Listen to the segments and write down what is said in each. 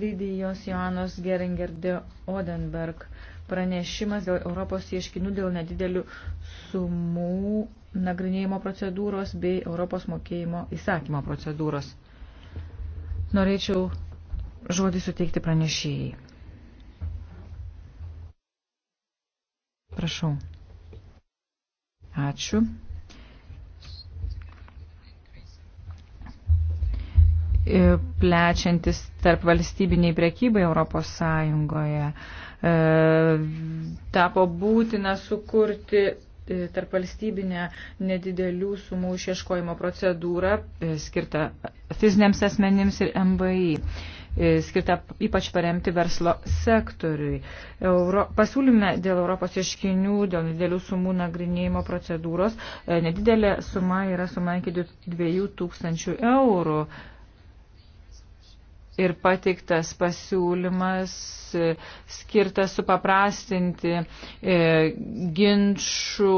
Lydijos Joanos Geringerdė Odenberg pranešimas dėl Europos ieškinių dėl nedidelių sumų nagrinėjimo procedūros bei Europos mokėjimo įsakymo procedūros. Norėčiau žodį suteikti pranešėjai. Prašau. Ačiū. E, plečiantis tarp valstybiniai prekybai Europos Sąjungoje. E, tapo būtina sukurti e, tarp valstybinę nedidelių sumų išieškojimo procedūrą skirtą fiziniams asmenims ir MVI skirta ypač paremti verslo sektoriui. Euro, pasiūlyme dėl Europos ieškinių, dėl didelių sumų nagrinėjimo procedūros, nedidelė suma yra suma iki 2000 eurų ir pateiktas pasiūlymas e, skirtas supaprastinti e, ginčių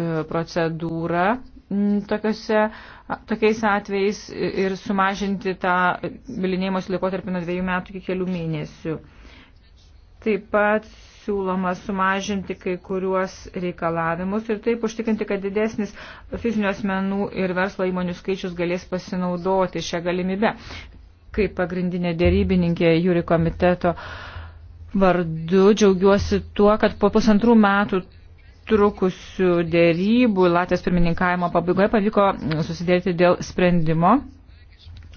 e, procedūrą tokiuose, tokiais atvejais ir sumažinti tą bilinėjimosi laikotarpį nuo dviejų metų iki kelių mėnesių. Taip pat siūloma sumažinti kai kuriuos reikalavimus ir taip užtikrinti, kad didesnis fizinių asmenų ir verslo įmonių skaičius galės pasinaudoti šią galimybę kaip pagrindinė dėrybininkė jūri komiteto vardu džiaugiuosi tuo, kad po pusantrų metų trukusių dėrybų Latvijos pirmininkavimo pabaigoje pavyko susidėti dėl sprendimo,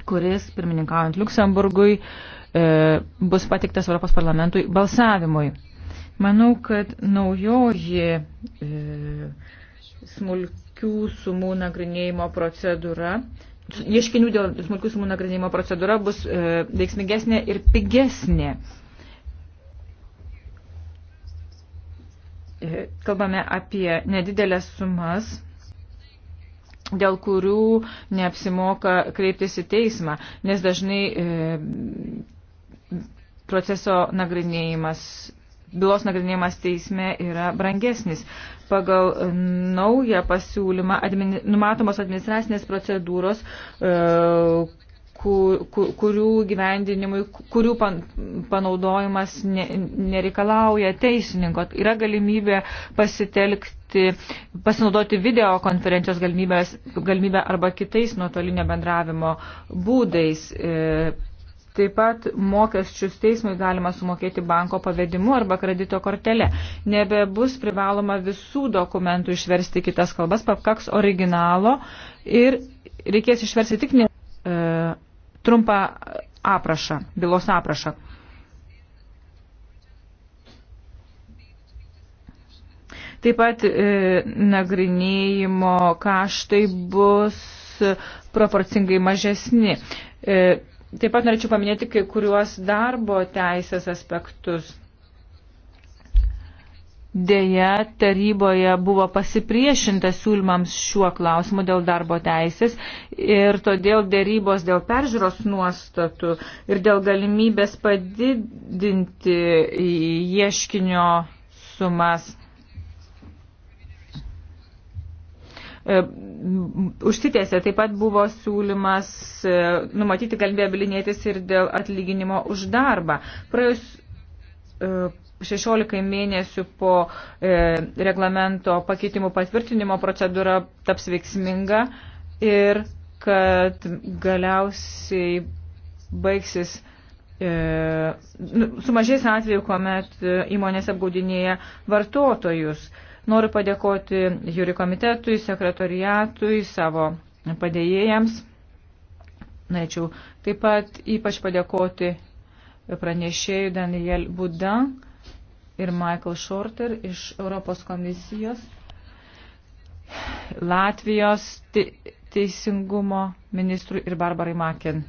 kuris pirmininkaujant Luksemburgui e, bus patiktas Europos parlamentui balsavimui. Manau, kad naujoji e, smulkių sumų nagrinėjimo procedūra e, ieškinių dėl smulkių sumų nagrinėjimo procedūra bus e, veiksmingesnė ir pigesnė. E, kalbame apie nedidelės sumas, dėl kurių neapsimoka kreiptis į teismą, nes dažnai e, proceso nagrinėjimas bylos nagrinėjimas teisme yra brangesnis. Pagal e, naują pasiūlymą admini, numatomos administracinės procedūros, e, kurių gyvendinimui, kurių panaudojimas nereikalauja teisininko. Yra galimybė pasitelkti, pasinaudoti videokonferencijos galimybę arba kitais nuotolinio bendravimo būdais. E, Taip pat mokesčius teismui galima sumokėti banko pavedimu arba kredito kortelė. Nebebus privaloma visų dokumentų išversti kitas kalbas, pakaks originalo ir reikės išversti tik ne, e, trumpą aprašą, bylos aprašą. Taip pat e, nagrinėjimo kaštai bus proporcingai mažesni. E, Taip pat norėčiau paminėti kai kuriuos darbo teisės aspektus. Deja, taryboje buvo pasipriešinta siūlymams šiuo klausimu dėl darbo teisės ir todėl dėrybos dėl peržiūros nuostatų ir dėl galimybės padidinti ieškinio sumas E, užsitėse. Taip pat buvo siūlymas e, numatyti galimybę bilinėtis ir dėl atlyginimo už darbą. Praėjus 16 e, mėnesių po reglamento pakeitimų patvirtinimo procedūra taps veiksminga ir kad galiausiai baigsis nu, sumažės atveju, kuomet įmonės apgaudinėja vartotojus. E, Noriu padėkoti jūri komitetui, sekretoriatui, savo padėjėjams. Norėčiau taip pat ypač padėkoti pranešėjų Daniel Budan ir Michael Shorter iš Europos komisijos, Latvijos teisingumo ministrui ir Barbarai Maken.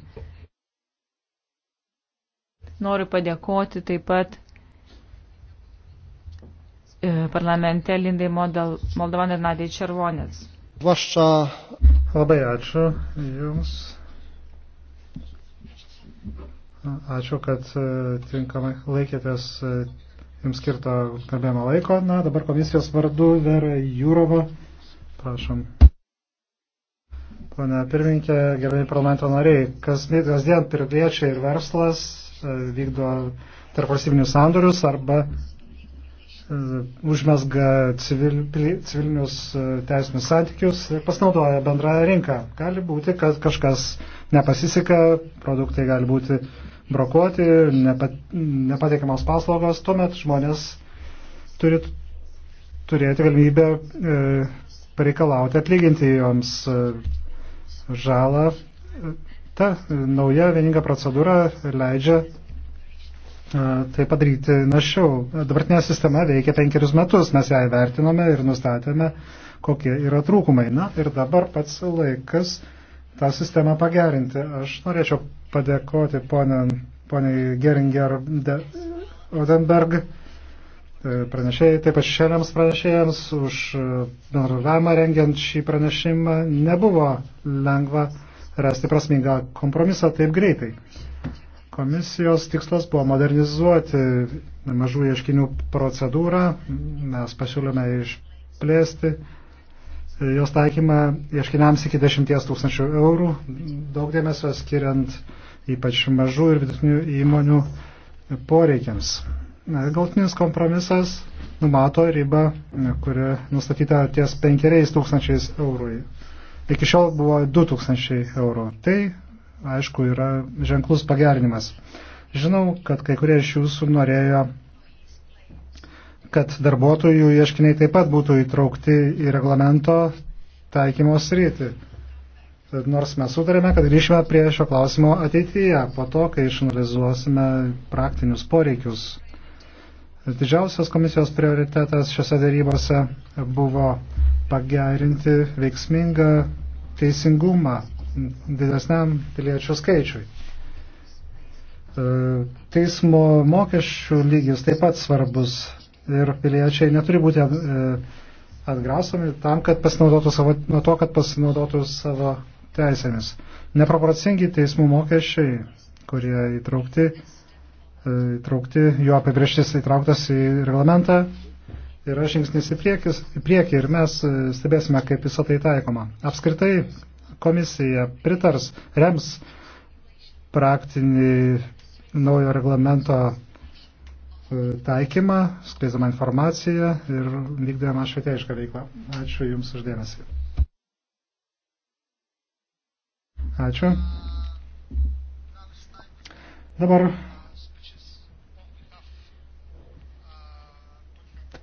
Noriu padėkoti taip pat E, parlamente Lindai Moldovan ir Nadai Červonės. Vaščia. Labai ačiū Jums. Ačiū, kad e, tinkamai laikėtės e, Jums skirto kalbėjimo laiko. Na, dabar komisijos vardu Vera Jūrova. Prašom. Pane pirmininkė, gerbėjai parlamento nariai, kasdien piliečiai ir verslas vykdo tarp valstybinius sandorius arba užmesga civil, civilinius e, teisinius santykius ir pasinaudoja bendrąją rinką. Gali būti, kad kažkas nepasiseka, produktai gali būti brokuoti, nepat, nepateikiamas paslaugos, tuomet žmonės turi turėti galimybę e, pareikalauti atlyginti joms e, žalą. Ta nauja vieninga procedūra leidžia tai padaryti našiau. Dabartinė sistema veikia penkerius metus, mes ją įvertinome ir nustatėme, kokie yra trūkumai. Na ir dabar pats laikas tą sistemą pagerinti. Aš norėčiau padėkoti poniai Geringer de Odenberg e, pranešėjai, taip pat šešėliams pranešėjams už e, bendravimą rengiant šį pranešimą. Nebuvo lengva rasti prasmingą kompromisą taip greitai. Komisijos tikslas buvo modernizuoti mažų ieškinių procedūrą. Mes pasiūlėme išplėsti jos taikymą ieškiniams iki 10 tūkstančių eurų, daug dėmesio skiriant ypač mažų ir vidutinių įmonių poreikiams. Galtinis kompromisas numato ribą, kuri nustatyta ties 5 tūkstančiais eurų. Iki šiol buvo 2 tūkstančiai eurų. Tai aišku, yra ženklus pagerinimas. Žinau, kad kai kurie iš jūsų norėjo, kad darbuotojų ieškiniai taip pat būtų įtraukti į reglamento taikymo sritį. Nors mes sutarėme, kad grįšime prie šio klausimo ateityje, po to, kai išanalizuosime praktinius poreikius. Didžiausias komisijos prioritetas šiose darybose buvo pagerinti veiksmingą teisingumą didesniam piliečių skaičiui. E, teismo mokesčių lygis taip pat svarbus ir piliečiai neturi būti e, atgrasomi tam, kad pasinaudotų savo, nuo to, kad pasinaudotų savo teisėmis. Neproporcingi teismų mokesčiai, kurie įtraukti, e, įtraukti jo apibrieštis įtrauktas į reglamentą, yra žingsnis į, priekis, į priekį ir mes stebėsime, kaip visą tai taikoma. Apskritai, komisija pritars, rems praktinį naujo reglamento e, taikymą, skleidama informaciją ir vykdama švietėjišką veiklą. Ačiū Jums uždėmesį. Ačiū. Dabar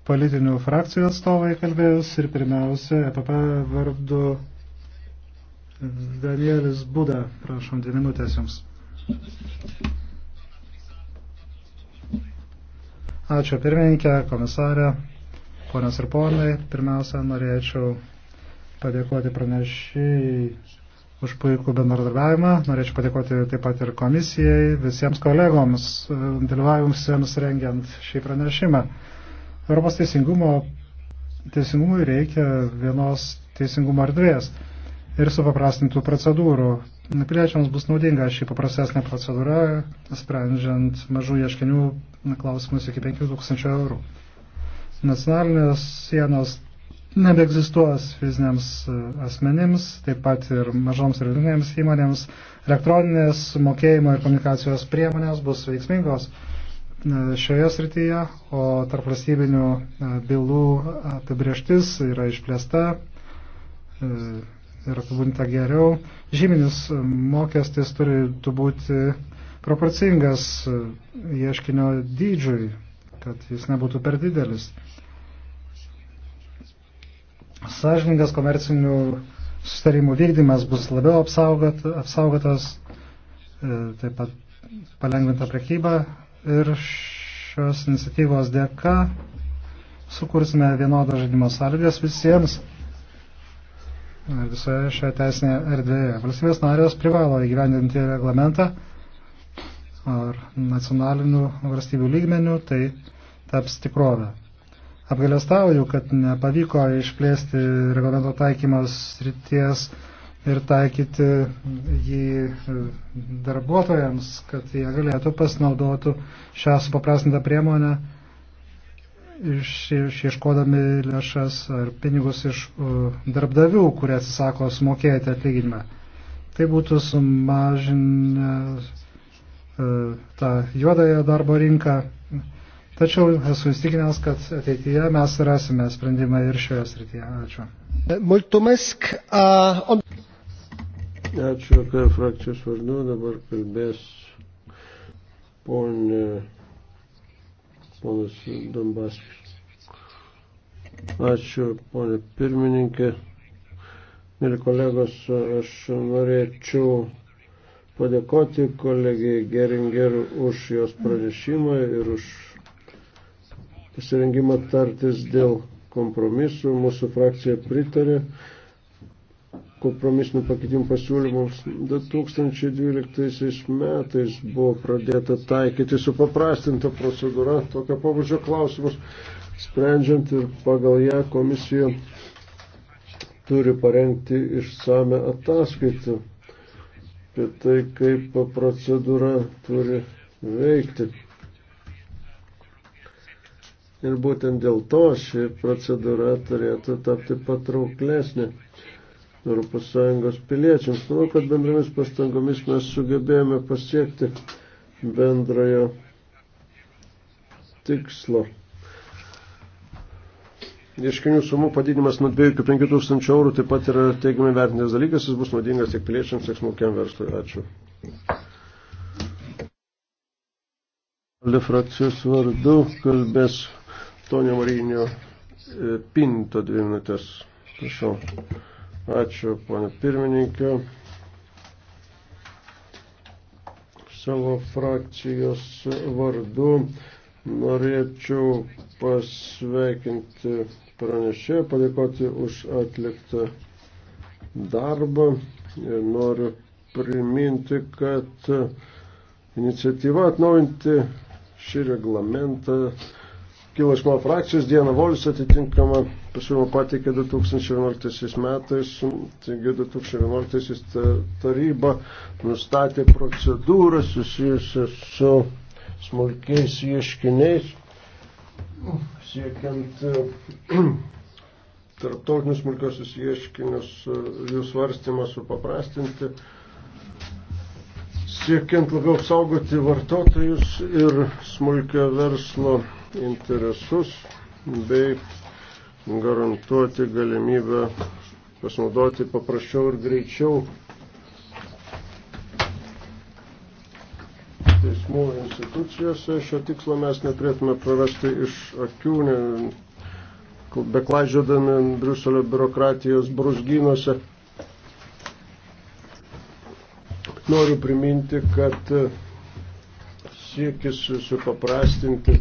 politinių frakcijų atstovai kalbėjus ir pirmiausia EPP vardu Danielis Buda, prašom, dvi minutės jums. Ačiū pirmininkė, komisarė, ponios ir ponai. Pirmiausia, norėčiau padėkoti pranešiai už puikų bendradarbiavimą. Norėčiau padėkoti taip pat ir komisijai, visiems kolegoms, e, dalyvavimsiems rengiant šį pranešimą. Europos teisingumo, teisingumui reikia vienos teisingumo erdvės ir supaprastintų procedūrų. Piliečiams bus naudinga šį paprastesnę procedūrą, sprendžiant mažų ieškinių klausimus iki 5000 eurų. Nacionalinės sienos nebeegzistuos fiziniams e, asmenims, taip pat ir mažoms ir vidinėms įmonėms. Elektroninės mokėjimo ir komunikacijos priemonės bus veiksmingos e, šioje srityje, o tarp valstybinių e, bylų apibrieštis yra išplėsta ir apibūdinta geriau. Žyminis mokestis turi būti proporcingas ieškinio dydžiui, kad jis nebūtų per didelis. Sažiningas komercinių sustarimų vykdymas bus labiau apsaugot, apsaugotas, e, taip pat palengvinta prekyba ir šios iniciatyvos dėka sukursime vienodą žaidimo sąlygas visiems visoje šioje teisinėje erdvėje. Valstybės narės privalo įgyvendinti reglamentą ar nacionalinių valstybių lygmenių, tai taps tikrovę. Apgalėstauju, kad nepavyko išplėsti reglamento taikymos ryties ir taikyti jį darbuotojams, kad jie galėtų pasinaudotų šią supaprastintą priemonę išieškodami lėšas ar pinigus iš darbdavių, kurie atsisako sumokėti atlyginimą. Tai būtų sumažinę e, tą juodąją darbo rinką. Tačiau esu įstikinęs, kad ateityje mes rasime sprendimą ir šioje srityje. Ačiū. Multumesk. Uh, on... Ačiū, kad frakcijos vardu dabar kalbės ponė ponas Dambaskis. Ačiū, ponė pirmininkė. Mėly kolegos, aš norėčiau padėkoti kolegijai Geringer už jos pranešimą ir už pasirengimą tartis dėl kompromisų. Mūsų frakcija pritarė kompromisinių pakeitimų pasiūlymus. 2012 metais buvo pradėta taikyti supaprastinta procedūra tokio pabudžio klausimus, sprendžiant ir pagal ją komisija turi parengti išsame ataskaitą apie tai, kaip procedūra turi veikti. Ir būtent dėl to ši procedūra turėtų tapti patrauklesnė. ES piliečiams. Manau, kad bendromis pastangomis mes sugebėjome pasiekti bendrojo tikslo. Ieškinių sumų padidinimas nuo 2 iki 5 tūkstančių eurų taip pat yra teigiamai vertinės dalykas, jis bus naudingas tiek piliečiams, tiek smulkiam verslui. Ačiū. Alde frakcijos vardu kalbės Tonio Marinio e, Pinto dvi minutės. Prašau. Ačiū, ponė pirmininkė. Savo frakcijos vardu norėčiau pasveikinti pranešėją, padėkoti už atliktą darbą ir noriu priminti, kad iniciatyva atnaujinti šį reglamentą kilo iš mano frakcijos Diena Volis atitinkama pasiūlymą pateikė 2011 metais, taigi 2011 taryba nustatė procedūrą susijusią su smulkiais ieškiniais, siekiant tarptautinius smulkiosius ieškinius, jų svarstymą supaprastinti, siekiant labiau apsaugoti vartotojus ir smulkio verslo interesus bei garantuoti galimybę pasinaudoti paprasčiau ir greičiau teismų institucijose. Šio tikslo mes neturėtume prarasti iš akių, ne, beklaidžiodami Briuselio biurokratijos brusgynose. Noriu priminti, kad siekis supaprastinti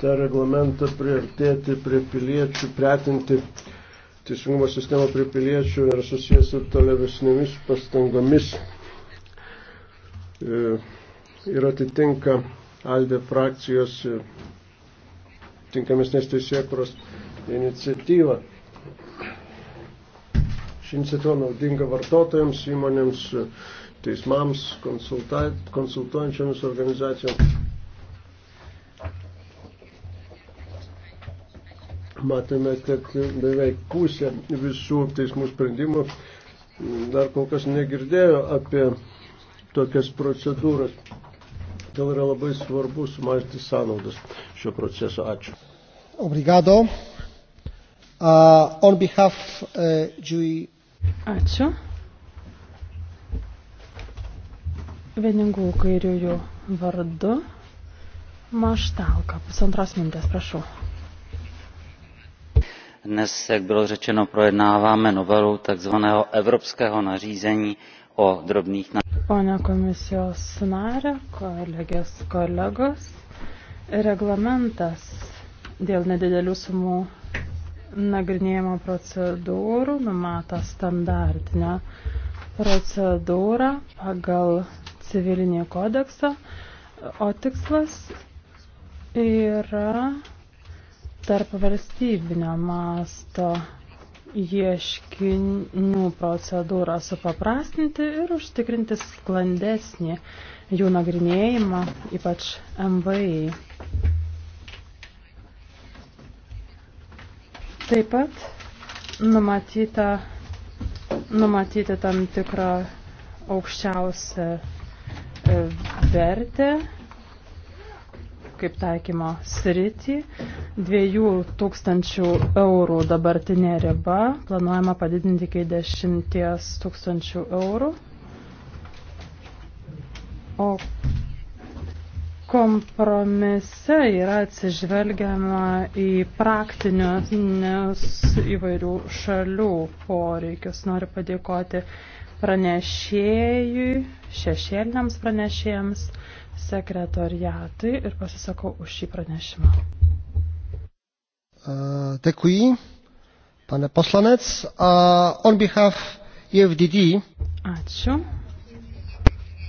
tą reglamentą priartėti prie piliečių, pretinti teisingumo sistemą prie piliečių ir susijęs su tolevesnėmis pastangomis. E, ir atitinka Aldė frakcijos e, tinkamesnės teisėkuros iniciatyvą. Ši iniciatyva naudinga vartotojams, įmonėms, teismams, konsultuojančiams organizacijoms. matėme, kad beveik pusė visų teismų sprendimų dar kol kas negirdėjo apie tokias procedūras. Dėl yra labai svarbu sumažinti sąnaudas šio proceso. Ačiū. Obrigado. Uh, on behalf uh, Jui. Ačiū. Vieningų kairiųjų vardu. Maštalka, pusantros mintės, prašau dnes jak bylo řečeno projednáváme novelu takzvaného evropského nařízení o drobných Pone komisijos narė, kolegės kolegos, reglamentas dėl nedidelių sumų nagrinėjimo procedūrų numato standartinę procedūrą pagal civilinį kodeksą, o tikslas yra tarp valstybinio masto ieškinių procedūrą supaprastinti ir užtikrinti sklandesnį jų nagrinėjimą, ypač MVI. Taip pat numatyta, numatyti tam tikrą aukščiausią e, vertę kaip taikymo sritį, 2000 eurų dabartinė riba, planuojama padidinti iki 10 tūkstančių eurų. O kompromise yra atsižvelgiama į praktinius įvairių šalių poreikius. Noriu padėkoti pranešėjui, šešėliniams pranešėjams, sekretoriatui ir pasisakau už šį pranešimą. Eh, děkuji, pane poslanec. On behalf EFDD. Ačiū.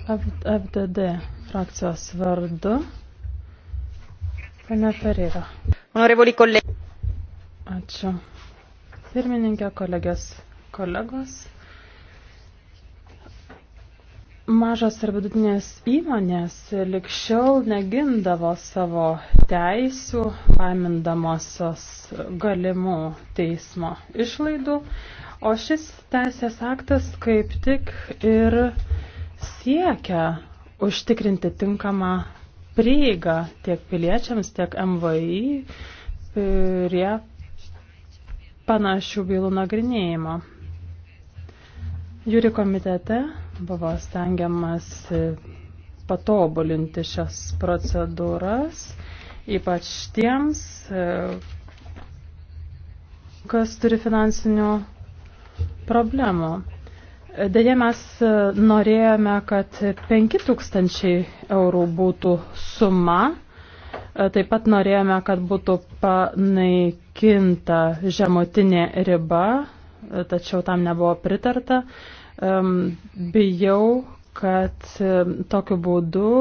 E FDD frakcijos vardu. Pane Ferreira. Honorevoli kolegai. Ačiū. Pirmininkė, kolegės, kolegos. Mažos ir vidutinės įmonės likščiau negindavo savo teisių, baimindamosios galimų teismo išlaidų, o šis teisės aktas kaip tik ir siekia užtikrinti tinkamą prieigą tiek piliečiams, tiek MVI prie panašių bylų nagrinėjimo. Jūri komitete buvo stengiamas patobulinti šias procedūras, ypač tiems, e, kas turi finansinių problemų. Deja, mes norėjome, kad 5000 eurų būtų suma. E, taip pat norėjome, kad būtų panaikinta žemutinė riba, e, tačiau tam nebuvo pritarta bijau, kad tokiu būdu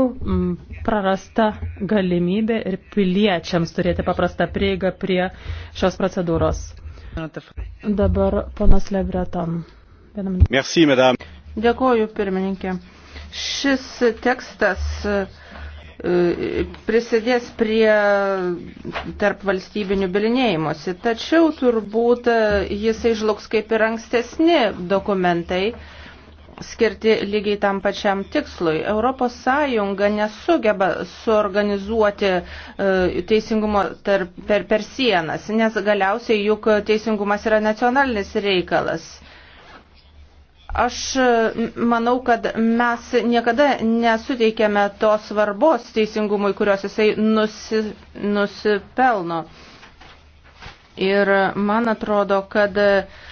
prarasta galimybė ir piliečiams turėti paprastą prieigą prie šios procedūros. Dabar ponas Lebreton. Merci, madame. Dėkoju, pirmininkė. Šis tekstas e, prisidės prie tarp valstybinių bilinėjimuose, tačiau turbūt e, jisai žlugs kaip ir ankstesni dokumentai skirti lygiai tam pačiam tikslui. Europos Sąjunga nesugeba suorganizuoti e, teisingumo tarp, per, per sienas, nes galiausiai juk teisingumas yra nacionalinis reikalas. Aš e, manau, kad mes niekada nesuteikėme tos svarbos teisingumui, kurios jisai nusi, nusipelno. Ir man atrodo, kad uh,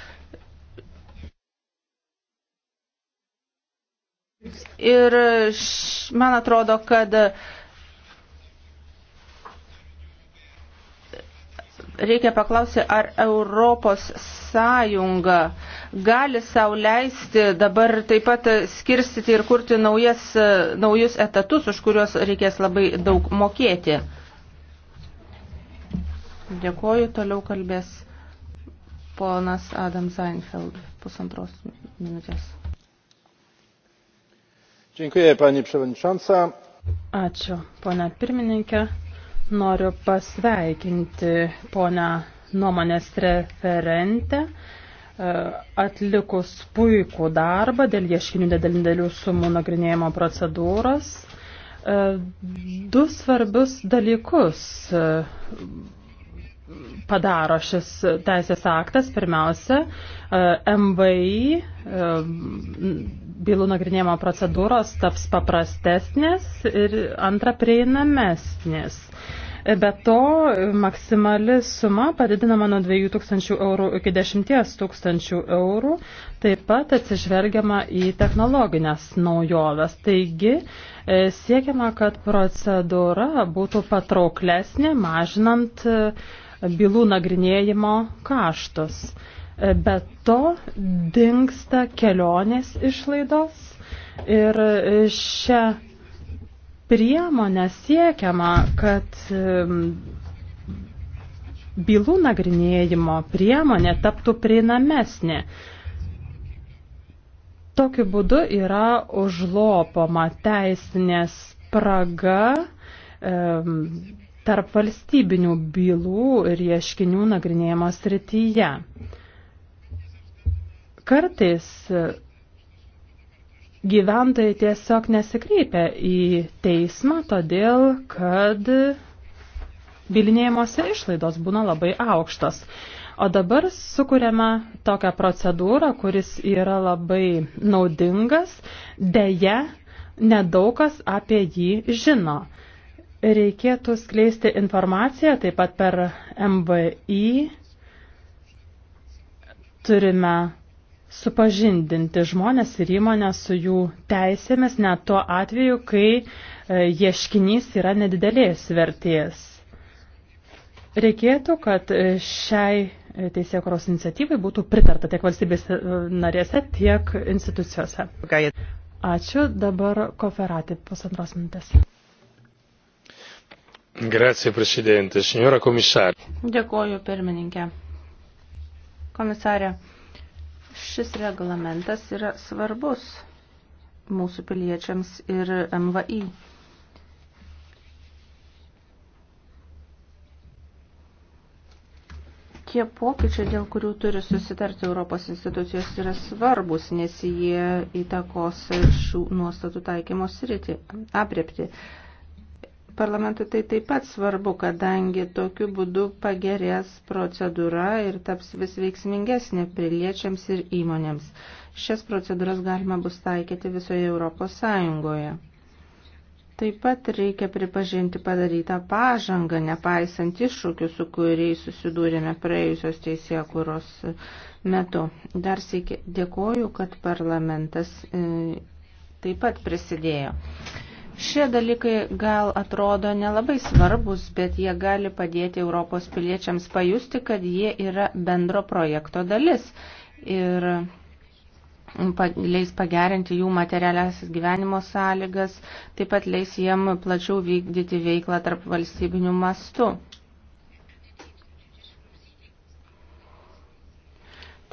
Ir man atrodo, kad reikia paklausti, ar Europos sąjunga gali sau leisti dabar taip pat skirstyti ir kurti naujas, naujus etatus, už kuriuos reikės labai daug mokėti. Dėkoju, toliau kalbės ponas Adam Seinfeld pusantros minutės. Dziękuję, pani przewodnicząca. Ačiū, ponia pirmininkė. Noriu pasveikinti ponę nuomonės referentę e, atlikus puikų darbą dėl ieškinių nedalindelių sumų nagrinėjimo procedūros. E, du svarbius dalykus e, padaro šis teisės aktas. Pirmiausia, MVI bylų nagrinėjimo procedūros taps paprastesnės ir antra prieinamesnės. Be to, maksimali suma padidinama nuo 2000 eurų iki 10 tūkstančių eurų, taip pat atsižvelgiama į technologinės naujoves. Taigi, e, siekiama, kad procedūra būtų patrauklesnė, mažinant e, bylų nagrinėjimo kaštus. E, be to dinksta kelionės išlaidos ir e, šią priemonę siekiama, kad bylų nagrinėjimo priemonė taptų prieinamesnė. Tokiu būdu yra užlopoma teisinė spraga tarp valstybinių bylų ir ieškinių nagrinėjimo srityje. Kartais gyventojai tiesiog nesikreipia į teismą, todėl kad bilinėjimuose išlaidos būna labai aukštos. O dabar sukūrėme tokią procedūrą, kuris yra labai naudingas, dėje nedaugas apie jį žino. Reikėtų skleisti informaciją taip pat per MVI. Turime supažindinti žmonės ir įmonės su jų teisėmis net tuo atveju, kai e, ieškinys yra nedidelės vertės. Reikėtų, kad e, šiai e, teisėkuros iniciatyvai būtų pritarta tiek valstybės narėse, tiek institucijose. Ačiū. Dabar koferatė pusantros minutės. Grazie, Presidente. Signora Komisarė. Dėkuoju, pirmininkė. Komisarė. Šis reglamentas yra svarbus mūsų piliečiams ir MVI. Tie pokyčiai, dėl kurių turi susitarti Europos institucijos, yra svarbus, nes jie įtakos šių nuostatų taikymo sritį, apriepti. Parlamentui tai taip pat svarbu, kadangi tokiu būdu pagerės procedūra ir taps vis veiksmingesnė piliečiams ir įmonėms. Šias procedūras galima bus taikyti visoje Europos Sąjungoje. Taip pat reikia pripažinti padarytą pažangą, nepaisant iššūkių, su kuriais susidūrėme praėjusios teisėje kūros metu. Dar sėki dėkoju, kad parlamentas e, taip pat prisidėjo. Šie dalykai gal atrodo nelabai svarbus, bet jie gali padėti Europos piliečiams pajusti, kad jie yra bendro projekto dalis ir leis pagerinti jų materialiasis gyvenimo sąlygas, taip pat leis jiem plačiau vykdyti veiklą tarp valstybinių mastų.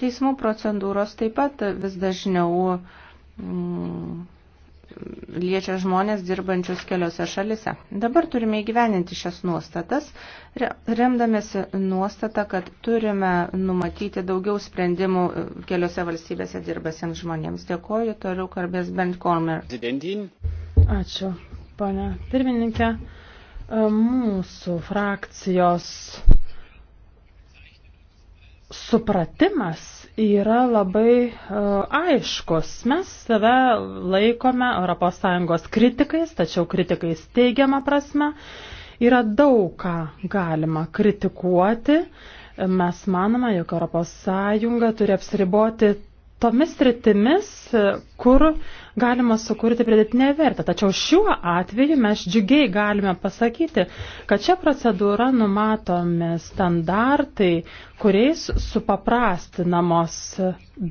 Teismų procedūros taip pat vis dažniau mm, liečia žmonės dirbančius keliose šalise. Dabar turime įgyveninti šias nuostatas, remdamėsi nuostatą, kad turime numatyti daugiau sprendimų e, keliose valstybėse dirbasiems žmonėms. Dėkoju, toliau kalbės Bent Kormer. Ačiū, ponia pirmininkė. E, mūsų frakcijos supratimas yra labai e, aiškus. Mes save laikome ES kritikais, tačiau kritikais teigiama prasme. Yra daug ką galima kritikuoti. Mes manome, jog ES turi apsiriboti tomis sritimis, kur galima sukurti pridėtinę vertę. Tačiau šiuo atveju mes džiugiai galime pasakyti, kad čia procedūra numatomi standartai, kuriais supaprastinamos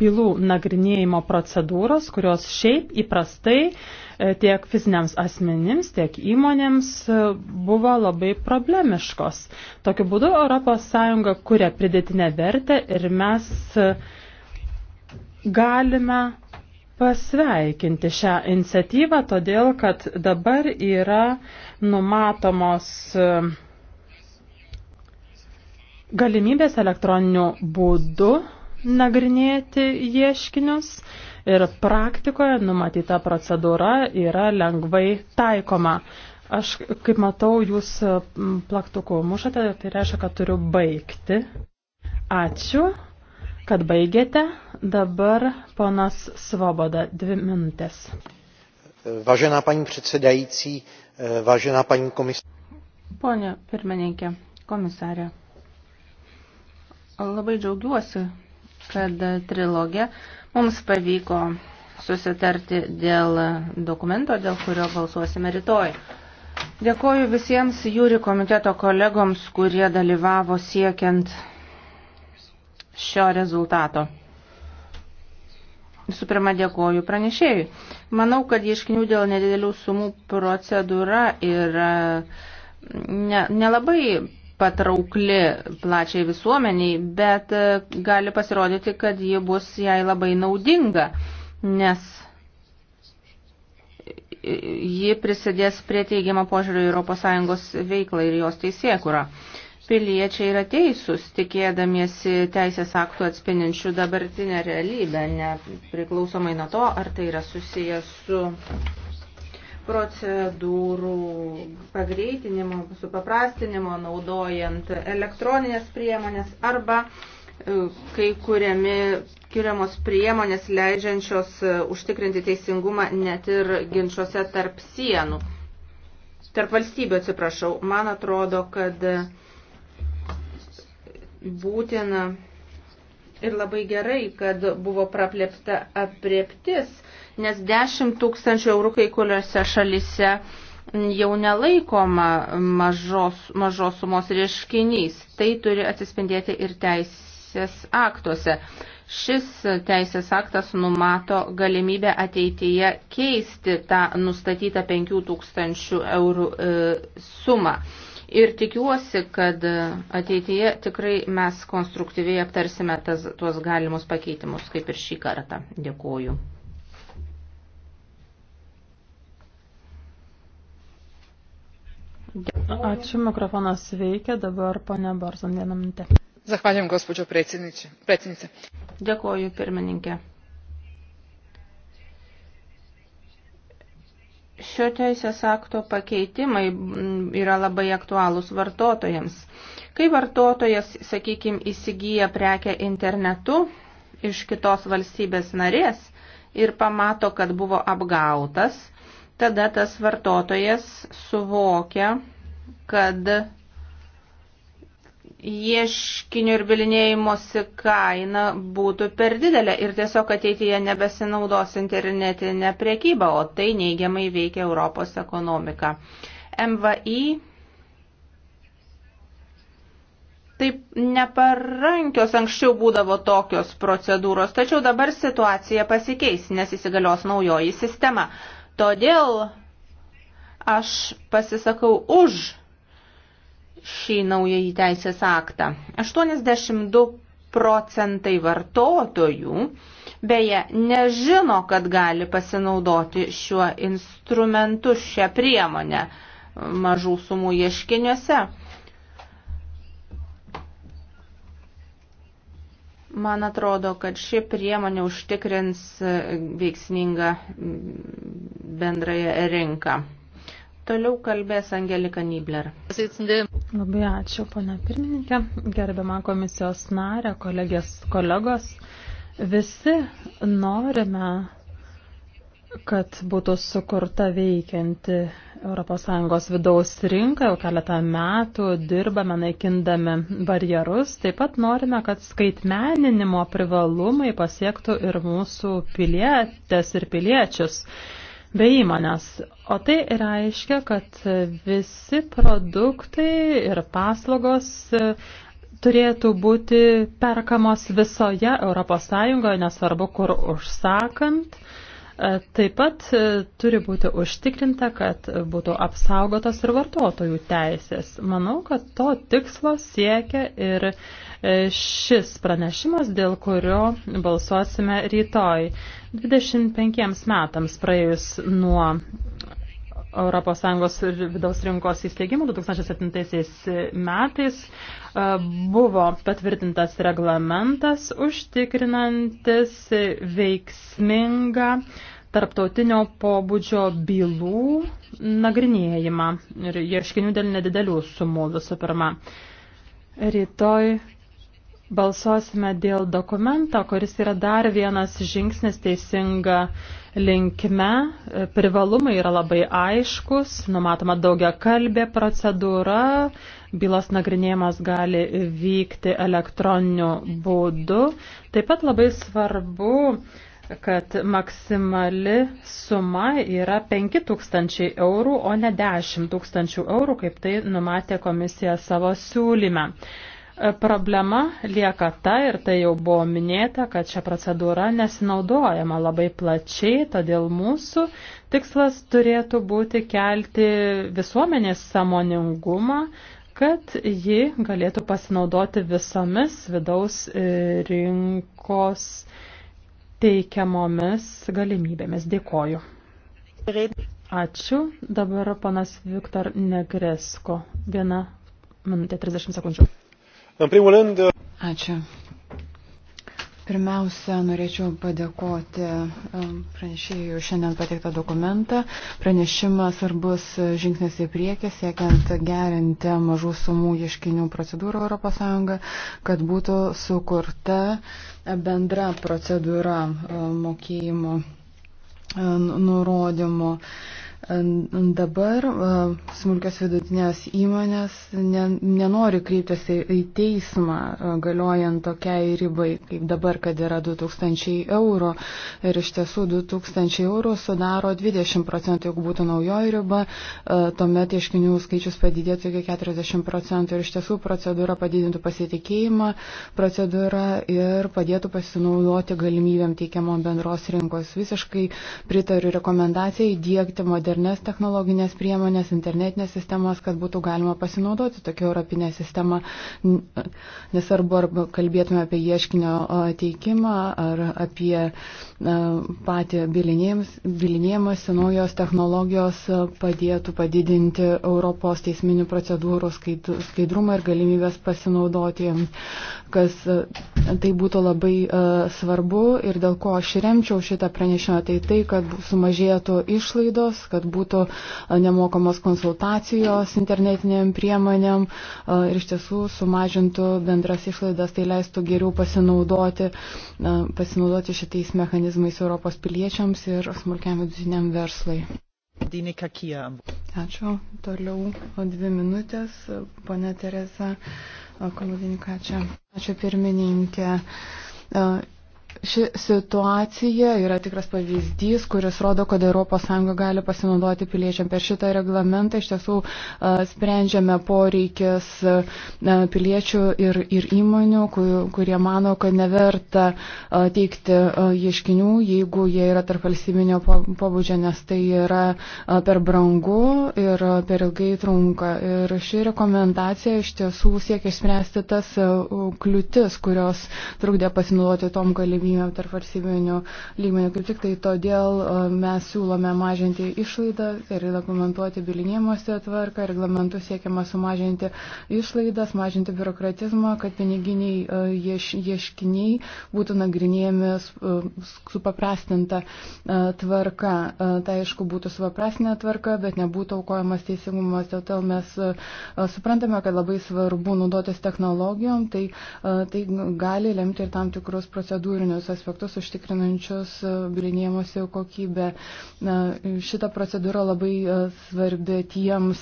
bylų nagrinėjimo procedūros, kurios šiaip įprastai e, tiek fiziniams asmenims, tiek įmonėms e, buvo labai problemiškos. Tokiu būdu ES kuria pridėtinę vertę ir mes e, galime pasveikinti šią iniciatyvą, todėl kad dabar yra numatomos e, galimybės elektroniniu būdu nagrinėti ieškinius ir praktikoje numatyta procedūra yra lengvai taikoma. Aš, kaip matau, jūs plaktuku mušate, tai reiškia, kad turiu baigti. Ačiū kad baigėte. Dabar ponas Svoboda, dvi minutės. Vážená paní předsedající, vážená paní komisarė. Pone pirmininkė, komisarė, labai džiaugiuosi, kad trilogė mums pavyko susitarti dėl dokumento, dėl kurio balsuosime rytoj. Dėkoju visiems jūri komiteto kolegoms, kurie dalyvavo siekiant šio rezultato. Visų pirma, dėkoju pranešėjui. Manau, kad ieškinių dėl nedidelių sumų procedūra yra nelabai ne, ne patraukli plačiai visuomeniai, bet e, gali pasirodyti, kad ji bus jai labai naudinga, nes ji prisidės prie teigiamą požiūrį Europos Sąjungos veiklą ir jos teisėkurą. kurą piliečiai yra teisūs, tikėdamiesi teisės aktų atspindinčių dabartinę realybę, nepriklausomai nuo to, ar tai yra susijęs su procedūrų pagreitinimo, su paprastinimo, naudojant elektroninės priemonės arba e, kai kuriami, kuriamos priemonės leidžiančios e, užtikrinti teisingumą net ir ginčiuose tarp sienų, tarp valstybių atsiprašau. Man atrodo, kad būtina ir labai gerai, kad buvo praplėpta apreptis, nes 10 tūkstančių eurų kai kuriuose šalise jau nelaikoma mažos, mažos sumos reiškinys. Tai turi atsispindėti ir teisės aktuose. Šis teisės aktas numato galimybę ateityje keisti tą nustatytą 5000 eurų e, sumą ir tikiuosi, kad ateityje tikrai mes konstruktyviai aptarsime tas, tuos galimus pakeitimus, kaip ir šį kartą. Dėkuoju. Dėkuoju. Ačiū, mikrofonas veikia, dabar ponia Barzon vieną minutę. Zahvaljujem, gospođo predsjednice. Dėkuoju, pirmininkė. šio teisės akto pakeitimai mm, yra labai aktualūs vartotojams. Kai vartotojas, sakykime, įsigyja prekę internetu iš kitos valstybės narės ir pamato, kad buvo apgautas, tada tas vartotojas suvokia, kad ieškinių ir bilinėjimosi kaina būtų per didelė ir tiesiog ateityje nebesinaudos internetinė priekyba, o tai neigiamai veikia Europos ekonomiką. MVI taip neparankios anksčiau būdavo tokios procedūros, tačiau dabar situacija pasikeis, nes įsigalios naujoji sistema. Todėl aš pasisakau už šį naująjį teisės aktą. 82 procentai vartotojų beje nežino, kad gali pasinaudoti šiuo instrumentu, šią priemonę mažų sumų ieškiniuose. Man atrodo, kad ši priemonė užtikrins veiksmingą bendrąją rinką. Toliau kalbės Angelika Nibler. Labai ačiū, pana pirmininkė, gerbiama komisijos narė, kolegės, kolegos. Visi norime kad būtų sukurta veikianti ES vidaus rinka, jau keletą metų dirbame naikindami barjerus, taip pat norime, kad skaitmeninimo privalumai pasiektų ir mūsų pilietės ir piliečius bei įmonės. O tai reiškia, kad visi produktai ir paslaugos e, turėtų būti perkamos visoje ES, nesvarbu kur užsakant. E, taip pat e, turi būti užtikrinta, kad būtų apsaugotos ir vartotojų teisės. Manau, kad to tikslo siekia ir e, šis pranešimas, dėl kurio balsuosime rytoj. 25 metams praėjus nuo ES vidaus rinkos įsteigimų 2007 metais buvo patvirtintas reglamentas užtikrinantis veiksmingą uh, tarptautinio pobūdžio bylų nagrinėjimą ir ieškinių dėl nedidelių sumų visų pirma. Rytoj balsuosime dėl dokumento, kuris yra dar vienas žingsnis teisinga linkme. Privalumai yra labai aiškus, numatoma daugia kalbė procedūra, bylos nagrinėjimas gali vykti elektroniniu būdu. Taip pat labai svarbu, kad maksimali suma yra 5 tūkstančiai eurų, o ne 10 tūkstančių eurų, kaip tai numatė komisija savo siūlyme. Problema lieka ta, ir tai jau buvo minėta, kad šią procedūrą nesinaudojama labai plačiai, todėl mūsų tikslas turėtų būti kelti visuomenės samoningumą, kad ji galėtų pasinaudoti visomis vidaus e, rinkos teikiamomis galimybėmis. Dėkoju. Ačiū. Dabar panas Viktor Negresko. Viena minutė 30 sekundžių. Ačiū. Pirmiausia, norėčiau padėkoti um, pranešėjų šiandien pateiktą dokumentą. Pranešimas svarbus žingsnis į priekį, siekiant gerinti mažų sumų ieškinių procedūrą ES, kad būtų sukurta bendra procedūra um, mokėjimo uh, nurodymo. Dabar smulkios vidutinės įmonės ne, nenori kreiptis į, į teismą galiojant tokiai ribai, kaip dabar, kad yra 2000 eurų. Ir iš tiesų 2000 eurų sudaro 20 procentų, jeigu būtų naujoji riba, tuomet ieškinių skaičius padidėtų iki 40 procentų. Ir iš tiesų procedūra padidintų pasitikėjimą, procedūra ir padėtų pasinaudoti galimybėm teikiamo bendros rinkos. Visiškai pritariu rekomendacijai dėkti modelį modernes technologinės priemonės, internetinės sistemas, kad būtų galima pasinaudoti tokią europinę sistemą, nesvarbu ar kalbėtume apie ieškinio teikimą ar apie patį bilinėjimąsi, naujos technologijos padėtų padidinti Europos teisminių procedūrų skaidrumą ir galimybės pasinaudoti, kas tai būtų labai svarbu ir dėl ko aš remčiau šitą pranešimą, tai tai, kad sumažėtų išlaidos, kad kad būtų nemokamos konsultacijos internetiniam priemonėm ir iš tiesų sumažintų bendras išlaidas, tai leistų geriau pasinaudoti, pasinaudoti šitais mechanizmais Europos piliečiams ir smulkiam vidutiniam verslui. Ačiū. Toliau dvi minutės, ponė Teresa Komodinikačia. Ačiū pirmininkė. Ši situacija yra tikras pavyzdys, kuris rodo, kad ES gali pasinaudoti piliečiam. Per šitą reglamentą iš tiesų sprendžiame poreikis piliečių ir, ir įmonių, kurie mano, kad neverta teikti ieškinių, jeigu jie yra tarp valstybinio pobūdžio, nes tai yra per brangu ir per ilgai trunka. Ir ši rekomendacija iš tiesų siekia išspręsti tas kliūtis, kurios trukdė pasinaudoti tom galimybėm galimybėm tarp valstybinių lygmenių. Kaip tik tai todėl e, mes siūlome mažinti išlaidas ir reglamentuoti bilinėjimuose tvarką, reglamentu siekiama sumažinti išlaidas, mažinti biurokratizmą, kad piniginiai e, ieš, ieškiniai būtų nagrinėjami e, supaprastinta tvarka. Tai aišku būtų supaprastinė tvarka, bet nebūtų aukojamas teisingumas. Todėl mes suprantame, kad labai svarbu naudotis technologijom, tai, tai gali lemti ir tam tikrus procedūrinius teisinius aspektus užtikrinančius e, bilinėjimosi kokybę. Na, šita procedūra labai e, svarbi tiems,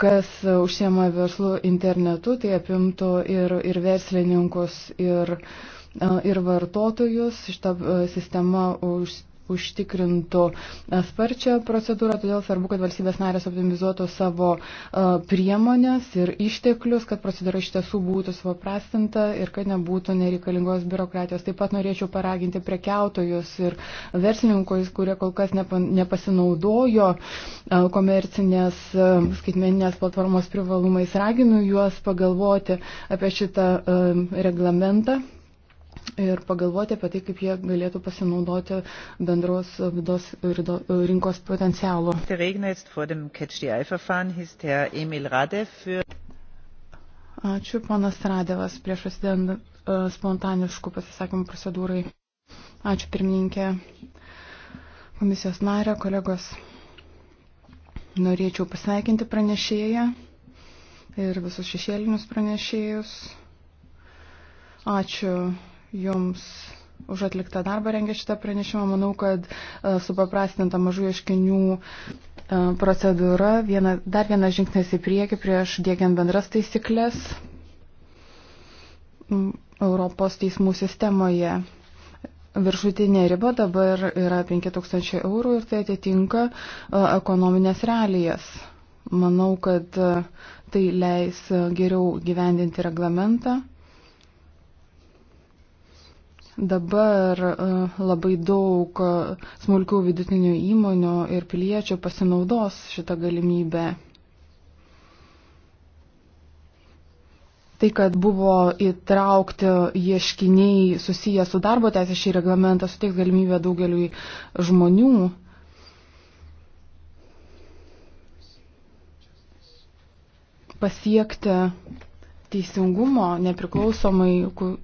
kas užsiema verslu internetu, tai apimtų ir, ir verslininkus, ir, e, ir vartotojus. Šita sistema už užtikrintų e, sparčią procedūrą, todėl svarbu, kad valstybės narės optimizuotų savo e, priemonės ir išteklius, kad procedūra iš tiesų būtų supaprastinta ir kad nebūtų nereikalingos biurokratijos. Taip pat norėčiau paraginti prekiautojus ir verslininkus, kurie kol kas nepasinaudojo e, komercinės skaitmeninės platformos privalumais. Raginu juos pagalvoti apie šitą reglamentą ir pagalvoti apie tai, kaip jie galėtų pasinaudoti bendros vidos rinkos potencialu. Ačiū, ponas Radevas, prieš prasidedant e, spontaniškų pasisakymų procedūrai. Ačiū, pirmininkė, komisijos narė, kolegos. Norėčiau pasveikinti pranešėją ir visus šešėlinius pranešėjus. Ačiū Jums už atliktą darbą rengę šitą pranešimą. Manau, kad e, supaprastinta mažų ieškinių e, procedūra viena, dar vienas žingsnis į priekį prieš dėgiant bendras taisyklės Europos teismų sistemoje. Viršutinė riba dabar yra 5000 eurų ir tai atitinka e, ekonominės realijas. Manau, kad tai leis geriau gyvendinti reglamentą Dabar e, labai daug e, smulkių vidutinių įmonių ir piliečių pasinaudos šitą galimybę. Tai, kad buvo įtraukti ieškiniai susiję su darbo teisė šį reglamentą, suteiks galimybę daugeliui žmonių. pasiekti teisingumo, nepriklausomai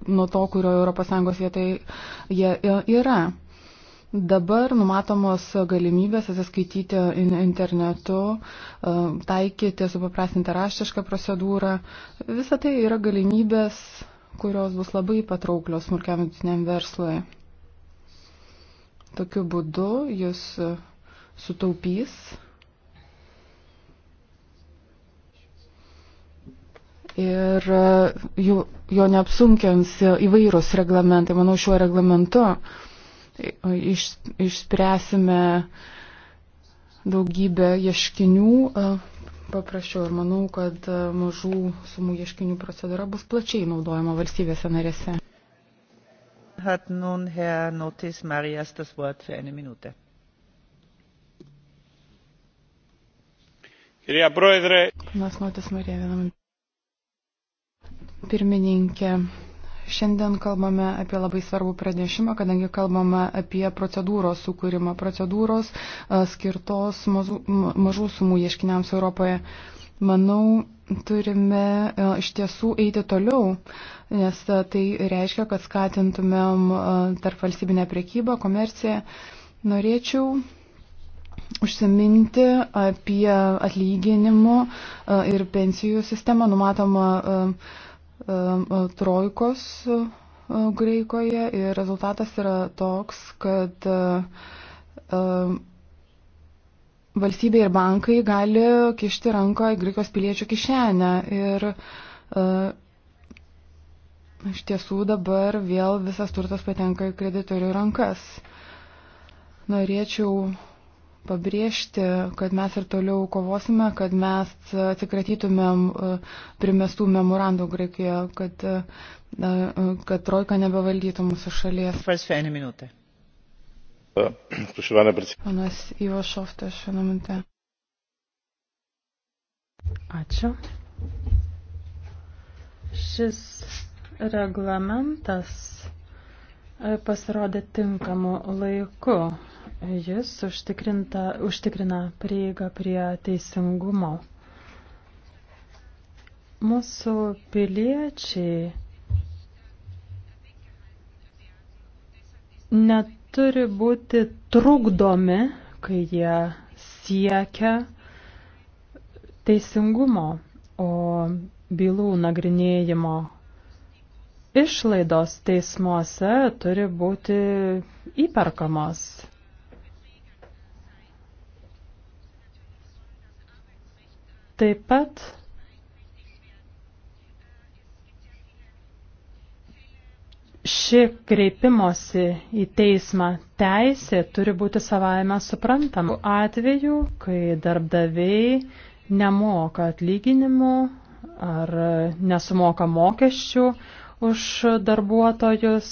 nuo to, kurioje ES vietoje jie yra. Dabar numatomos galimybės atsiskaityti internetu, e, taikyti supaprastintą raštišką procedūrą. Visa tai yra galimybės, kurios bus labai patrauklios smulkiam vidutiniam verslui. Tokiu būdu jis sutaupys ir e, jo, jo neapsunkins įvairūs reglamentai. Manau, šiuo reglamentu iš, išspręsime daugybę ieškinių e, paprasčiau ir manau, kad e, mažų sumų ieškinių procedūra bus plačiai naudojama valstybėse narėse. Hat nun Herr Notis Marias das Wort für eine Minute. Κυρία Πρόεδρε. Μας νότες Μαρία, ένα Pirmininkė, Šiandien kalbame apie labai svarbų pranešimą, kadangi kalbame apie procedūros sukūrimą, procedūros skirtos mažų, mažų sumų ieškiniams Europoje. Manau, turime iš tiesų eiti toliau, nes tai reiškia, kad skatintumėm tarp valstybinę priekybą, komerciją. Norėčiau užsiminti apie atlyginimų ir pensijų sistemą numatomą Um, trojkos uh, Graikoje ir rezultatas yra toks, kad uh, um, valstybė ir bankai gali kišti ranką į Graikijos piliečių kišenę. Ir uh, iš tiesų dabar vėl visas turtas patenka į kreditorių rankas. Norėčiau pabrėžti, kad mes ir toliau kovosime, kad mes atsikratytumėm e, primestų memorandų Graikijoje, kad, e, e, kad trojka nebevaldytų mūsų šalies. Panas Ivo Šoftas, šią minutę. Ačiū. Šis reglamentas pasirodė tinkamu laiku. Jis užtikrina prieigą prie teisingumo. Mūsų piliečiai neturi būti trukdomi, kai jie siekia teisingumo, o bylų nagrinėjimo išlaidos teismuose turi būti įperkamos. Taip pat ši kreipimosi į teismą teisė turi būti savaime suprantama. Atveju, kai darbdaviai nemoka atlyginimų ar nesumoka mokesčių už darbuotojus,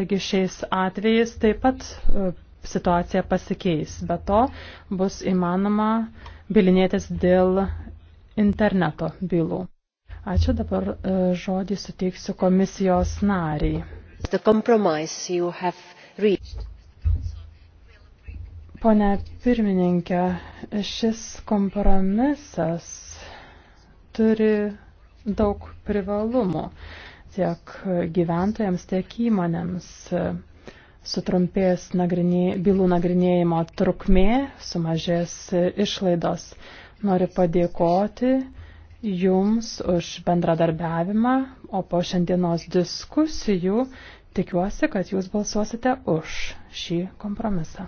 taigi šiais atvejais taip pat e, situacija pasikeis. Be to bus įmanoma bilinėtis dėl interneto bylų. Ačiū dabar e, žodį suteiksiu komisijos nariai. Pone pirmininkė, šis kompromisas turi daug privalumų tiek gyventojams, tiek įmonėms sutrumpės nagrinė, bylų nagrinėjimo trukmė, sumažės išlaidos. Noriu padėkoti Jums už bendradarbiavimą, o po šiandienos diskusijų tikiuosi, kad Jūs balsuosite už šį kompromisą.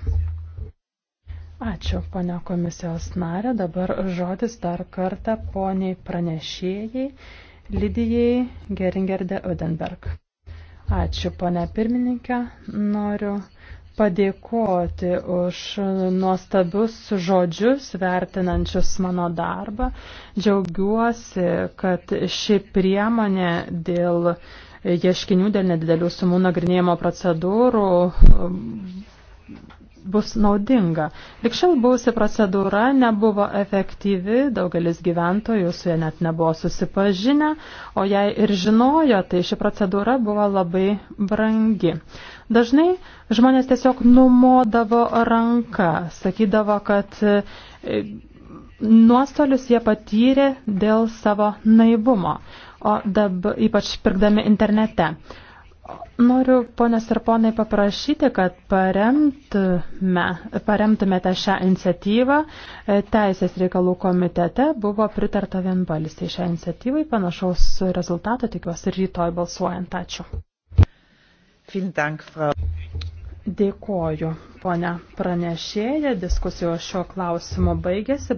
Ačiū, ponia komisijos narė. Dabar žodis dar kartą poniai pranešėjai Lydijai Geringerde Udenberg. Ačiū, ponia pirmininkė. Noriu padėkoti už nuostabius žodžius, vertinančius mano darbą. Džiaugiuosi, kad ši priemonė dėl ieškinių, dėl nedidelių sumų nagrinėjimo procedūrų bus naudinga. Likščiau buvusi procedūra nebuvo efektyvi, daugelis gyventojų su ja net nebuvo susipažinę, o jei ir žinojo, tai ši procedūra buvo labai brangi. Dažnai žmonės tiesiog numodavo ranką, sakydavo, kad e, nuostolius jie patyrė dėl savo naivumo, o dabar ypač pirkdami internete. Noriu, ponės ir ponai, paprašyti, kad paremtume, paremtumėte šią iniciatyvą. Teisės reikalų komitete buvo pritarta vienbalsiai šią iniciatyvą. Panašaus rezultato tikiuosi rytoj balsuojant. Ačiū. Dėkoju, ponia pranešėja. Diskusijos šio klausimo baigėsi.